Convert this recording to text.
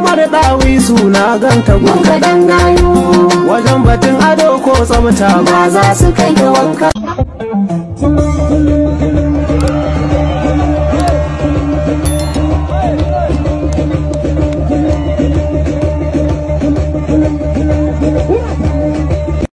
kamar dawi suna ganta gun kaɗan gayu wajen batun ado ko tsamta ba za su kai ga wanka